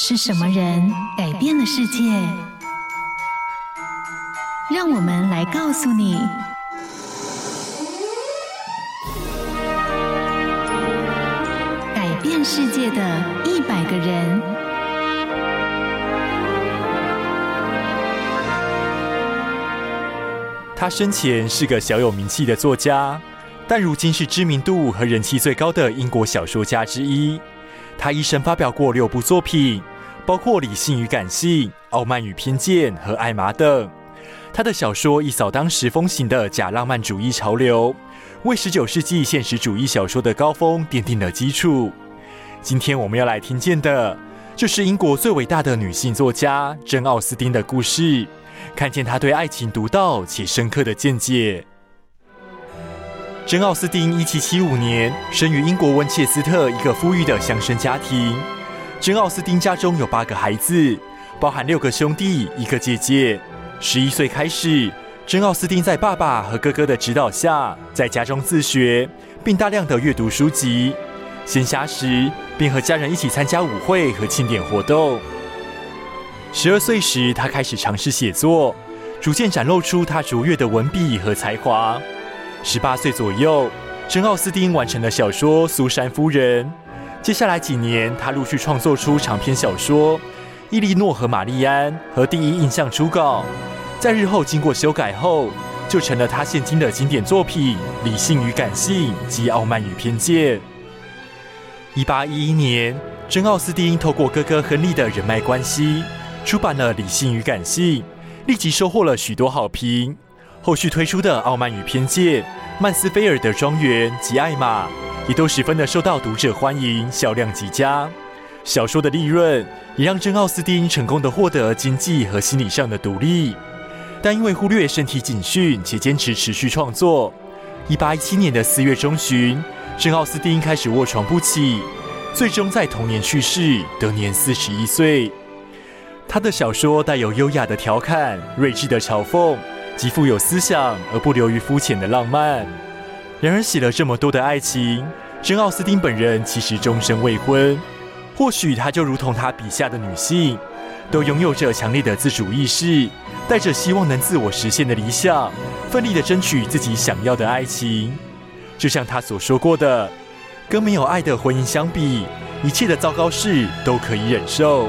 是什麼人改變了世界？讓我們來告訴你：改變世界的一百個人。她生前是個小有名氣的作家，但如今是知名度和人氣最高的英國小說家之一。他一生發表過六部作品，包括《理性與感性》《傲慢與偏見》和《愛瑪》等。他的小說一掃當時風行的假浪漫主義潮流，為十九世紀現實主義小說的高峰奠定了基礎。今天我們要來聽見的，就是英國最偉大的女性作家珍·奧斯丁的故事，看見她對愛情獨到且深刻的見解。珍奧斯丁1775年生於英國溫切斯特一個富裕的鄉紳家庭。珍奧斯丁家中有八個孩子，包含六個兄弟，一個姐姐。十一歲開始，珍奧斯丁在爸爸和哥哥的指導下，在家中自學，並大量的閱讀書籍。閒暇時，便和家人一起參加舞會和慶典活動。十二歲時，他開始嘗試寫作，逐漸展露出他卓越的文筆和才華。十八歲左右，珍奧斯丁完成了小說《蘇珊夫人》。接下來幾年，他陸續創作出長篇小說《伊利諾和瑪麗安》和《第一印象》初稿，在日後經過修改後，就成了他現今的經典作品《理性與感性》及《傲慢與偏見》。一八一一年，珍奧斯丁透過哥哥亨利的人脈關係，出版了《理性與感性》，立即收穫了許多好評。後續推出的《傲慢與偏見》《曼斯菲爾德莊園》及《愛瑪》也都十分的受到讀者歡迎，銷量極佳。小說的利潤也讓珍奧斯丁成功的獲得經濟和心理上的獨立。但因為忽略身體警訊且堅持持續創作，一八一七年的四月中旬，珍奧斯丁開始臥床不起，最終在同年去世，得年四十一歲。他的小說帶有優雅的調侃、睿智的嘲諷。極富有思想而不流於膚淺的浪漫。然而寫了這麼多的愛情，珍奧斯丁本人其實終身未婚。或許他就如同他筆下的女性，都擁有着強烈的自主意識，帶着希望能自我實現的理想，奮力的爭取自己想要的愛情。就像他所說過的，跟沒有愛的婚姻相比，一切的糟糕事都可以忍受。